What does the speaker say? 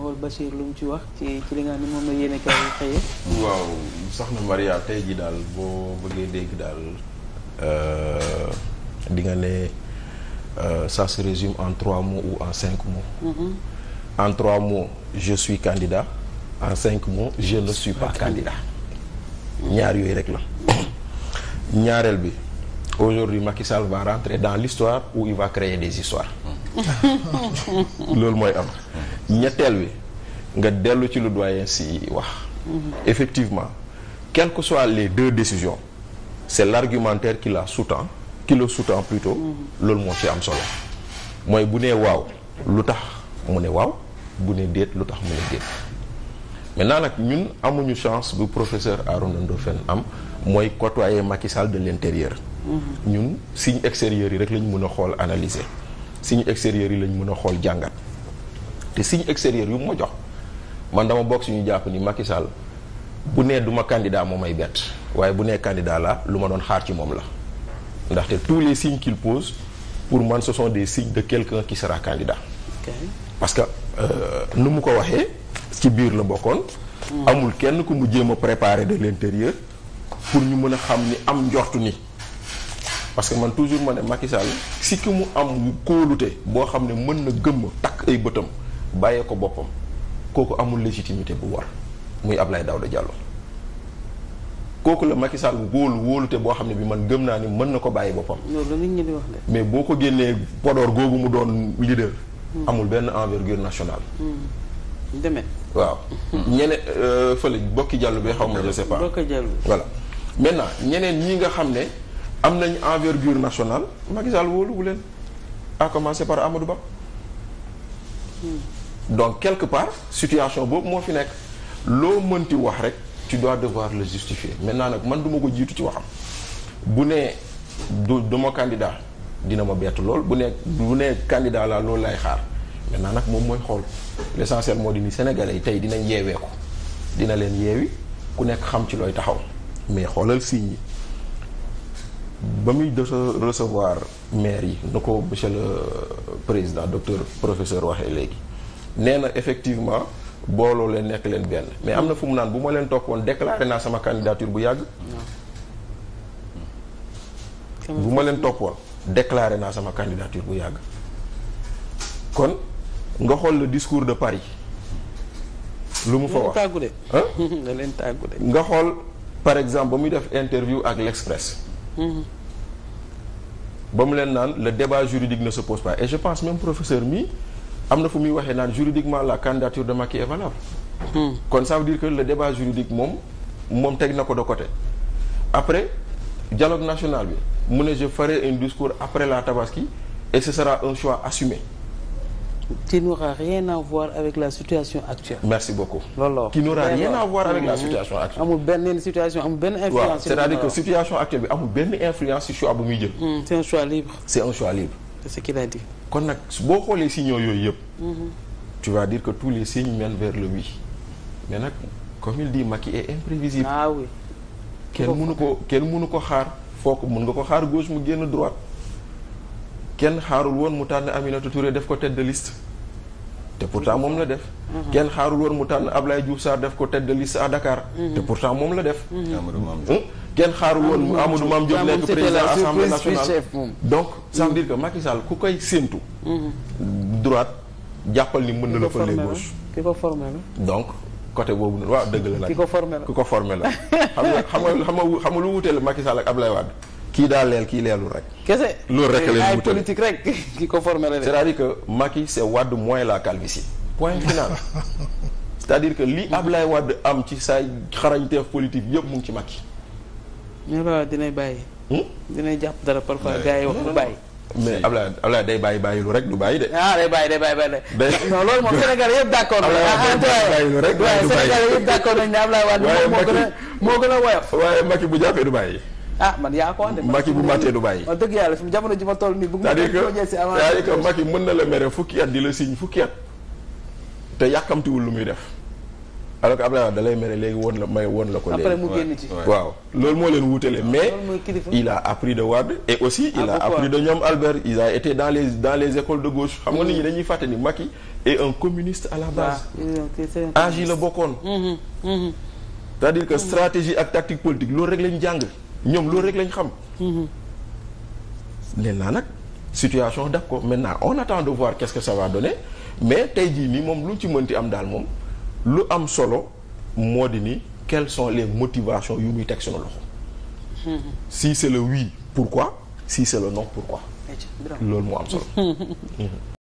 xool Bachir lu mu ci wax li nga xam ne Maria tey ji daal boo bëggee dégg daal euh, dinga nga ne euh, ça résume en trois mots ou en cinq mots mm -hmm. en trois mots je suis candidat en cinq mots je ne suis pas candidat ñaar yooyu rek la ñaareel bi aujourd'hui Macky Sall va rentrer dans l'histoire où il va créer des histoires mm-hmm. loolu mooy am ñetteel wi nga dellu ci lu doyen si wax mhm. effectivement quelles que soient les deux décisions c'est l'argumentaire qui la sous-tend qui le mhm. loolu moo ci am solo mooy bu nee waaw lu tax mu ne waaw bu ne déet lu tax mu ne déet maintenant nag ñun amuñu chance bu professeur Arona Ndofène am mooy côtoyer Macky Sall de l'intérieur mhm. ñun signe extérieur yi rek lañu mën a xool analyser signe extérieur yi lañ mën a xool jàngat te signe extérieur yu mu ma jox man dama bokk suñu jàpp ni Macky bu nee du ma candidat moo may bett waaye bu nee candidat la lu ma doon xaar ci moom la ndaxte tous les signes qu'il pose pour man ce sont des signes de quelqu'un qui sera candidat okay. parce que euh, nu mu ko waxee ci biir la bokkoon amul kenn ku mu jéem a préparer de l'intérieur pour ñu mën a xam ni am njortu ni parce que man toujours ma ne Macky Sall si ki mu am kóolute boo xam ne mën na gëmm takk ay bëtam bàyyee ko boppam kooku amul légitimité bu war muy Ablaye Daouda Diallo kooku la Macky Sall wóolu wóolute boo xam ne bi man gëm naa ni mën na ko bàyyi boppam. loolu nit ñi di mais boo ko génnee Podor googu mu doon leader. Hmm. amul benn envergure nationale. Hmm. demet waaw. ñeneen euh, fële bokki Diallo bi xaw ma je sais pas. bokki Diallo voilà maintenant ñeneen ñi nga xam ne am nañ envergure nationale Macky Sall wóoluwu leen à commencer par Amadou Ba. Hmm. donc quelque part situation boobu moo fi nekk loo mënti wax rek ci tu dois devoir le justifier maintenant nag man duma ko jiitu ci waxam bu nee du du ma candidat dina ma bett lool bu nekk bu nee candidat laa loolu lay xaar maintenant nag moom mooy xool l'essentiel moo di ni sénégalais yi tey dinañ yeewee ko dina leen yeewi ku nekk xam ci looy taxaw mais xoolal signes yi ba muy de recevoir maire yi nu ko monsieur le président docteur professeur waxee léegi nee na effectivement booloo leen nekk leen benn mais am na fu mu naan bu ma leen toppoon déclaré naa sama candidature bu yàgg. bu ma leen toppoon déclaré naa sama candidature bu yàgg. kon nga xool le discours de Paris. lu mu fa wax da nga xool par exemple ba muy def interview ak l'Express. Mm-hmm. ba mu leen naan le débat juridique ne se pose pas et je pense même professeur mi. am na fu muy waxee naan juridiquement la candidature de Macky est valable. Hmm. kon ça veut dire que le débat juridique moom moom teg na ko de côté. après dialogue national bi mu ne je ferai un discours après la tabaski et ce sera un choix assumé. qui n'aura rien à voir avec la situation actuelle. merci beaucoup. looloo qui n'aura rien à voir avec la situation hmm. actuelle. amul benn situation amul benn influence. cest à bi muy jël. Hmm. c'est un choix libre. c'est un choix libre. kon nag boo xoolee si signaux yooyu yëpp. Mhm. tu vas dire que tous les sign mènent vers le oui mais nag comme il dit Macky et imprévisible. ah oui kenn mënu ko kenn mënu ko xaar foo ko mën nga ko xaar gauche mu génn droite kenn xaarul woon mu tànn Aminata Touré def ko tête de liste te pourtant moom la def. Mhm. kenn xaarul woon mu tànn Ablaye Diouf Sarr def ko tête de liste à Dakar. Mhm. te pourtant moom la def. kenn xaarul woon mu Amadou Mame Diop nekk président assemblée nationale donc ça veut mm. dire que Macky Sall ku koy séentu mm-hmm. droite jàppal ni mën na la fële gauche ki donc côté boobu noonu waaw dëgg la ko formé la ki ko formé la xam nga xam nga xam nga xam nga lu wuteel Macky Sall ak kii daa kii leelul rek kese loolu rek la ay rek ki ko formé la c'est-à-dire que Macky c'est Wade la calvitie point final c'est-à-dire que li Abdoulaye wadd am ci say xarañteef politique yëpp mu ngi ci Macky mais Ablaye dinay bàyyi. Hmm? dinay jàpp dara parfois eh. gars yi wax mu bàyyi. mais Ablaye bàyyi bàyyi lu rek bàyyi de. ah day bàyyi day bàyyi bàyyi de. non loolu d' accord. bàyyi lu rek du bàyyi Sénégal yëpp moo gën a moo gën a woyof. waaye bu jàppee du bàyyi. ah man yaa ko ande. Macky bu màttee du bàyyi. wax dëgg yàlla fi mu jamono ji ma toll nii. bëgg nga jël si avant cest mën na la mere fukki at di la signe fukki at te yàkkamtiwul lu muy def alors que Abdoulaye Wade mere léegi woon la may woon la ko léegi. après mu génn ci waaw loolu moo leen wuutale mais il a appris de Wade et aussi il ah, a appris de ñoom Albert il a été dans les dans les écoles de gauche xam nga nit ñi mm. dañuy fàtte ni Macky est un communiste à la base agi ah, la bokkoon mm-hmm, mm-hmm. c'est-à-dire que mm-hmm. stratégie ak tactique politique loolu rek lañ jàng ñoom loolu rek lañu xam leen naa nag situation daf ko maintenant on attend de voir qu'est-ce que ça va donner mais tey jii nii moom lu ci mënti am daal moom lu am solo moo di ni quelles son les motivations yu muy teg sunu loxo. si c'est le oui pourquoi si c'est le non pourquoi. loolu moo am solo.